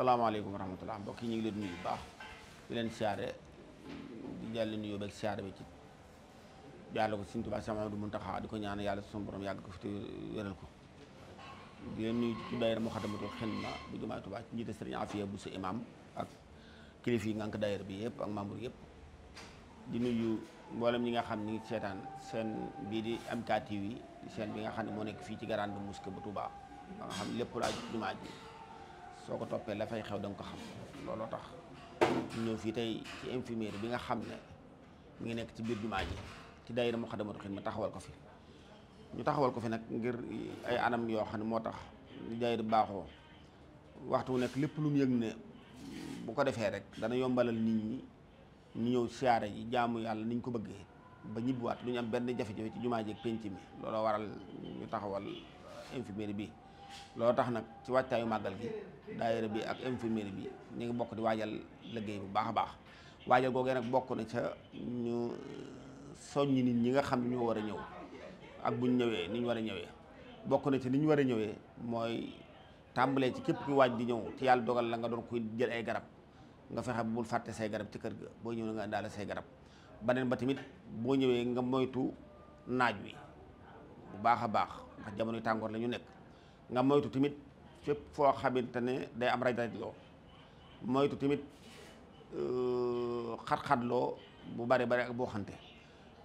salaamaaleykum wa rahmatulah mbokk yi ñu ngi leen nuyu bu baax di leen siyaare di jàll nuyoo beeg siyaare bi ci jaarale ko Sëriñ Tuubaa Séex Mamadu Muntaxa di ko ñaan yàlla suñu borom yàgg ko fi te ko di leen nuyu ci mu Muxaddamatul Xidma bu jumaay Tuubaa ci bu sa imam kilifa yi ngànk daayira bi yëpp ak membre yëpp di nuyu mboolem ñi nga xam ni seetaan seen bii di MK TV seen bi nga xam ne moo nekk fii ci Grande Mosquée bu Tuubaa nga xam lépp laaj jumaa ji soo ko toppee la fay xew da ko xam looloo tax ñëw fii tey ci infirmière bi nga xam ne mu ngi nekk ci biir jumaa ji ci daayira Muxaddamatul Xidma taxawal ko fi ñu taxawal ko fi nag ngir ay anam yoo xam ne moo tax daayira baaxoo waxtu wu lépp lu yëg ne bu ko defee rek dana yombalal nit ñi ñu ñëw siyaare yi jaamu yàlla niñ ko bëggee ba ñibbiwaat du ñu am benn jafe-jafe ci jumaa ji ak penc mi looloo waral ñu taxawal infirmière bi loo tax nag ci waajtaayu màggal gi daayira bi ak infirmerie bi ñu ngi bokk di waajal liggéey bu baax a baax waajal googee nag bokk na ca ñu uh, soññi nit ñi nga xam ne ñu war a ñëw ak buñ ñëwee ni war a ñëwee bokk na ci ni ñu war a ñëwee mooy tàmbalee ci képp ku waaj di ñëw ci yàlla dogal la nga doon kuy jël ay garab nga fexe bul fàtte say garab ci kër ga boo ñëwee nga indaale say garab beneen ba tamit boo ñëwee nga moytu naaj wi bu baax a baax ndax jamono tàngoor la ñu nekk nga moytu tamit fépp foo xamante ne day am raj raj loo moytu tamit euh, xat-xatloo bu bare bare ak boo xante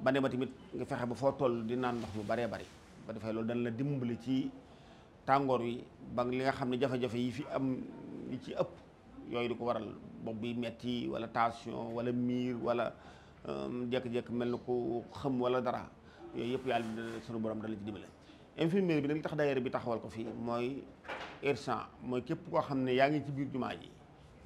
ba ne ma tamit nga fexe ba foo toll di naan ndox yu baree bari ba defee loolu dana la dimbali ci tàngoor wi ba li nga xam ne jafe-jafe yi fi am yi ci ëpp yooyu di ko waral bopp bi metti wala tension wala miir wala euh, jékki-jékki mel na ku xam wala dara yooyu yëpp yàlla sunu borom dana la ci dimbale infirmière bi nag tax daayira bi taxawal ko fii mooy irsan mooy képp koo xam ne yaa ngi ci biir jumaa ji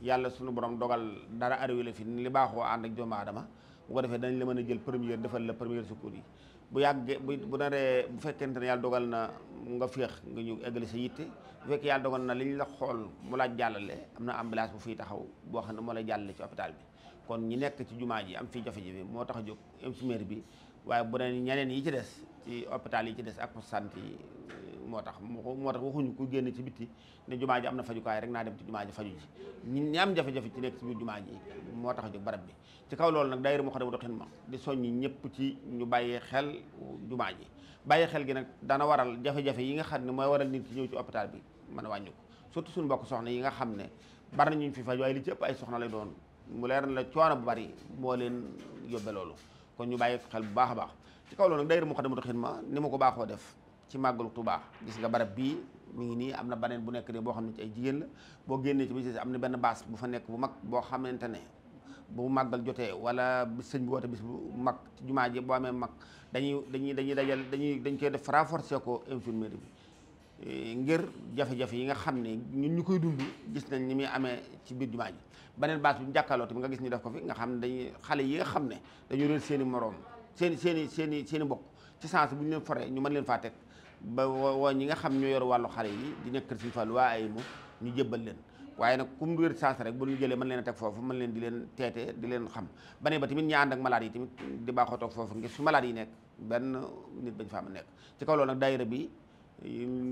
yàlla suñu borom dogal dara arrivé la fi ni li baaxoo ànd ak doomu aadama bu ko defee dañ la mën a jël première defal la première secours yi bu yàggee bu bu naree bu fekkente ne yàlla dogal na nga féex nga ñëw eggali sa yitte bu fekkee yàlla dogal na li ñu la xool mu la jàllale am na ambulance bu fiy taxaw boo xam ne moo lay jàllale ci hôpital bi kon ñi nekk ci jumaa ji am fii jafe-jafe bi moo tax a jóg infirmière bi waaye bu dee ñeneen yi ci des ci hôpital yi ci des ak sant yi moo tax moo tax waxuñu ku génn ci bitti ne jumaa ji am na fajukaay rek naa dem ci jumaa ji faju ji ñi am jafe-jafe ci nekk ci biir jumaa moo tax a barab bi kaw loolu nag daayira Moukhaddamatoul Khidma di soññi ñëpp ci ñu bàyyee xel jumaa ji bàyyi xel gi nag dana waral jafe yi nga xam ne mooy waral nit ki ñëw ci hôpital bi man a wàññi ko surtout suñu mbokk soxna yi nga xam ne bari na ñu fi faj waaye li ci ëpp ay soxna lay doon mu leer na la coono bu bari moo leen yóbbe loolu kon ñu bàyyi xel bu baax a baax ci kaw loolu nag daayira Moukhaddamatoul ma ni ma ko baaxoo def ci màggalu tubaa gis nga barab bii mi ngi nii am na beneen bu nekk nii boo xam ne ci ay jigéen la boo génnee ci bis am na benn baas bu fa nekk bu mag boo xamante ne bu màggal jotee wala sëñ bi woote bis bu mag ci jumaa ji boo amee mag dañuy dañuy dañuy dajal dañuy dañ koy def renforcer ko infirmerie bi ngir jafe-jafe yi nga xam ne ñun ñu koy dund gis nañ ni muy amee ci biir jumaa ji beneen baas bi ñu jàkkaarloo tamit nga gis ñu def ko fi nga xam ne dañuy xale yi nga xam ne dañu réer seen moroom seen seen i seen i seen i bokk ci sens bu ñu leen foree ñu mën leen faa teg ba woo ñi nga ñoo yor wàllu xale yi di nekk Sëriñ Fallu waa ñu jébbal leen waaye nag kum réer sens rek bu ñu jëlee mën leen a teg foofu mën leen di leen teete di leen xam banee ba tamit ñi ànd ak malade yi tamit di baaxoo toog foofu ngir su malade yi nekk benn nit bañ fa am nekk ci kaw loolu nag daayira bi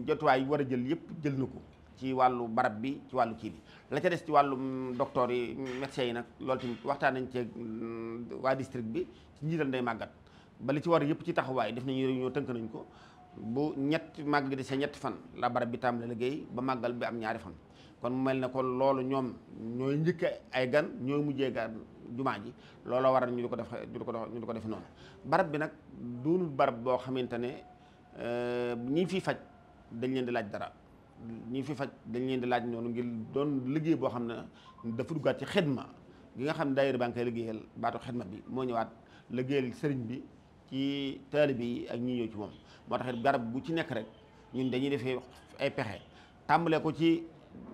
jotuwaay war a jël yëpp jël na ko ci wàllu barab bi ci wàllu kii bi la ca des ci wàllu doctor yi médecins yi nag loolu tamit waxtaan nañ ceeg mm, waa district bi ci njiital nday màggat ba li ci war yëpp ci taxawaay def nañu réunion tënk nañ ko bu ñett màgg di sa ñetti fan la barab bi tam tàmbale liggéey ba màggal bi am ñaari fan kon mel na ko loolu ñoom ñooy njëkk ay gan ñooy mujjee gan jumaa ji looloo waral ñu di ko def ñu di ko def noonu barab bi nag boo xamante ne Euh, ñi fi faj dañ leen di laaj dara ñi fi faj dañ leen di laaj noonu ngir doon liggéey boo xam ne dafa duggaat ci xidma gi nga xam ne daayira baa ngi koy liggéeyal baatu xidma bi moo ñëwaat liggéeyal sëriñ bi ci taalibe yi ak ñi ñëw ci moom moo tax garab bu ci nekk rek ñun dañuy defee ay pexe tàmbale ko ci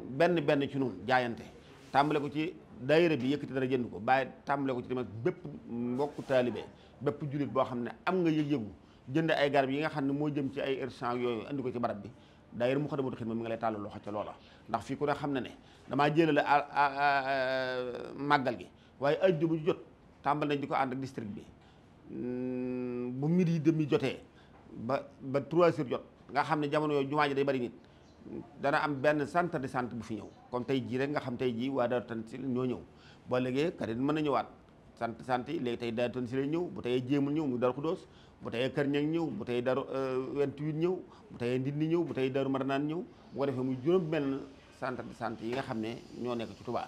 benn benn ci noonu jaayante tàmbale ko ci daayira bi yëkkati dara jënd ko bàyyi tàmbalee ko ci tamit bépp mbokku taalibe bépp jullit boo xam ne am nga yëg-yëgu jënd ay garab yi nga xam ne moo jëm ci ay urgence yooyu andi ko ci barab bi d'ailleurs mu xadamatu xidma mi nga lay tàllal loxo ca loola ndax fii ku ne xam na ne damaa jëlale màggal gi waaye ajjuma jot tàmbal nañ di ko ànd ak district bi hmm, bu midi demi jotee ba ba trois heures jot nga xam ne jamono yooyu jumaa ji day bari nit dana am benn centre de santé bu fi ñëw kon tey jii rek nga xam tey jii waa Daaru Tansil ñoo ñëw boo léegi karit mën na ñëwaat sant sant yi léegi tey daal ton si lay ñëw bu teyee jéemul ñëw mu daru xudóos bu teyee kër ñang ñëw bu tey went euh, wentwit ñëw bu teyee ndindi ñëw bu tey daru marnaan ñëw bu ko defee mu juróom benn centre de sant yi nga xam ne ñoo nekk ci Touba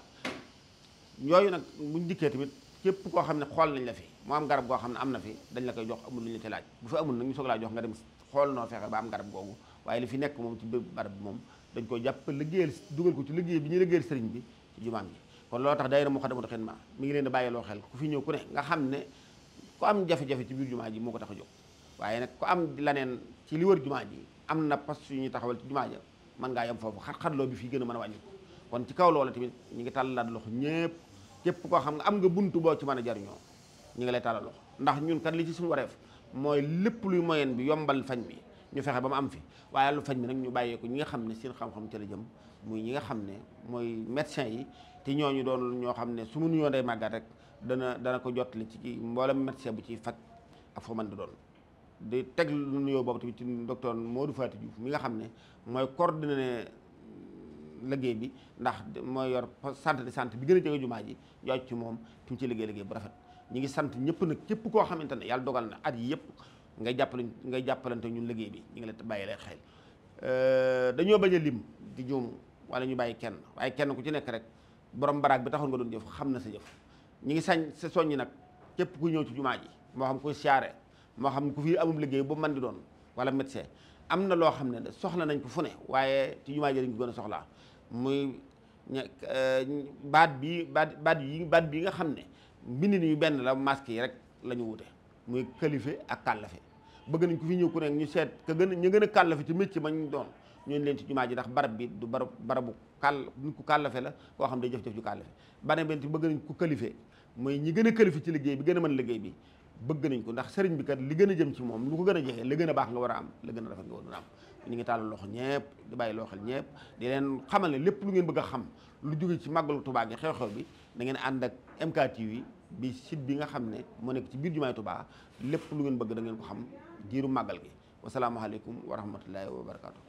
yooyu nag buñ dikkee tamit képp koo xam ne xool nañ la fi mu am garab goo xam ne am na fi dañ la koy jox amul lu ñu te laaj bu fi amul nag ñu soog laa jox nga dem xool noo fexe ba am garab googu waaye li fi nekk moom ci bépp barab bi moom dañ koy jàpp liggéeyal dugal ci liggéey bi ñu liggéeyal sëriñ bi ci jumaam kon loolu tax daayira Moukhaddamatoul Khidma mi ngi leen di bàyyiloo xel ku fi ñëw ku nga xam ne ku am jafe-jafe ci jumaa ji moo ko tax a jóg waaye nag am laneen ci li wër jumaa ji am na pas yu ñuy taxawal ci jumaa ja mën yem foofu xat-xatloo bi fii gën a mën a wàññi kon ci kaw loola tamit ñu ngi tàllal loxo ñëpp képp koo xam nga am nga bunt boo ci man a jariñoo ñu ngi lay tàllal loxo ndax ñun kat li ci suñu wareef mooy lépp luy moyen bi yombal fañ mi ñu fexe ba mu am fi waaye lu fañ mi nag ñu bàyyee ko ñi nga xam ne seen xam-xam ci la jëm muy ñi nga xam ne mooy médecin yi te ñooñu doon ñoo xam ne su ma nuyoo day màggat rek dana dana ko jottali ci mboolem médecin bu ciy faj ak foo mën di doon. di teg lu nuyoo boobu tamit ci docteur Modou Fatou Diouf mi nga xam ne mooy coordonné liggéey bi ndax mooy yor centre de santé bi gën a jumaa ji yooyu ci moom fi ci liggéey liggéey bu rafet. ñu ngi sant ñëpp nag képp koo xamante ne yàlla dogal na at yi yëpp nga jàppale ngay jàppalante ñun liggéey bi ñu ngi leen bàyyi leen xel euh, dañoo bañ a lim di juum wala ñu bàyyi kenn waaye kenn ku ci nekk rek. borom baraag bi taxoon nga doon jëf xam na sa jëf ñu ngi sañ sa soññi nag képp ku ñëw ci jumaa ji moo xam kuy siyaare moo xam ku fi amum liggéey bu man di doon wala médecin am na loo xam ne soxla nañ ko fu ne waaye ci jumaa ji lañ a soxlaa muy euh, baat bii baat baat yi baat bii nga xam ne mbind ni benn la masque yi rek la ñu muy qualifié ak kàllafe bëgg nañ ko fi ñëw ku ne ñu seet ka gën a ñu gën a kàllafe ci métier ma ñu doon ñooñu leen ci jumaa ji ndax barab bi du barab barabu kàll nit ku kàllafe la koo xam day jëf-jëf ju kàllafe bane benti bëgg nañ ku qualifié mooy ñi gën a qualifié ci liggéey bi gën a mën liggéey bi bëgg ko ndax sëriñ bi kat li gën a jëm ci moom lu ko gën a jeexee la gën a baax nga war a a rafet nga war a am ngi tàllal loxo ñepp di bàyyi loo xel ñepp leen xamal ne lépp lu ngeen bëgg a xam lu jóge ci màggalu tubaa gi xew-xew bi da ngeen ànd ak MKTV bi site bi nga xam ne moo nekk ci biir jumaay tubaa lépp lu ngeen bëgg da ko xam giiru màggal gi wasalaamualeykum wa rahmatullahi wa barakatu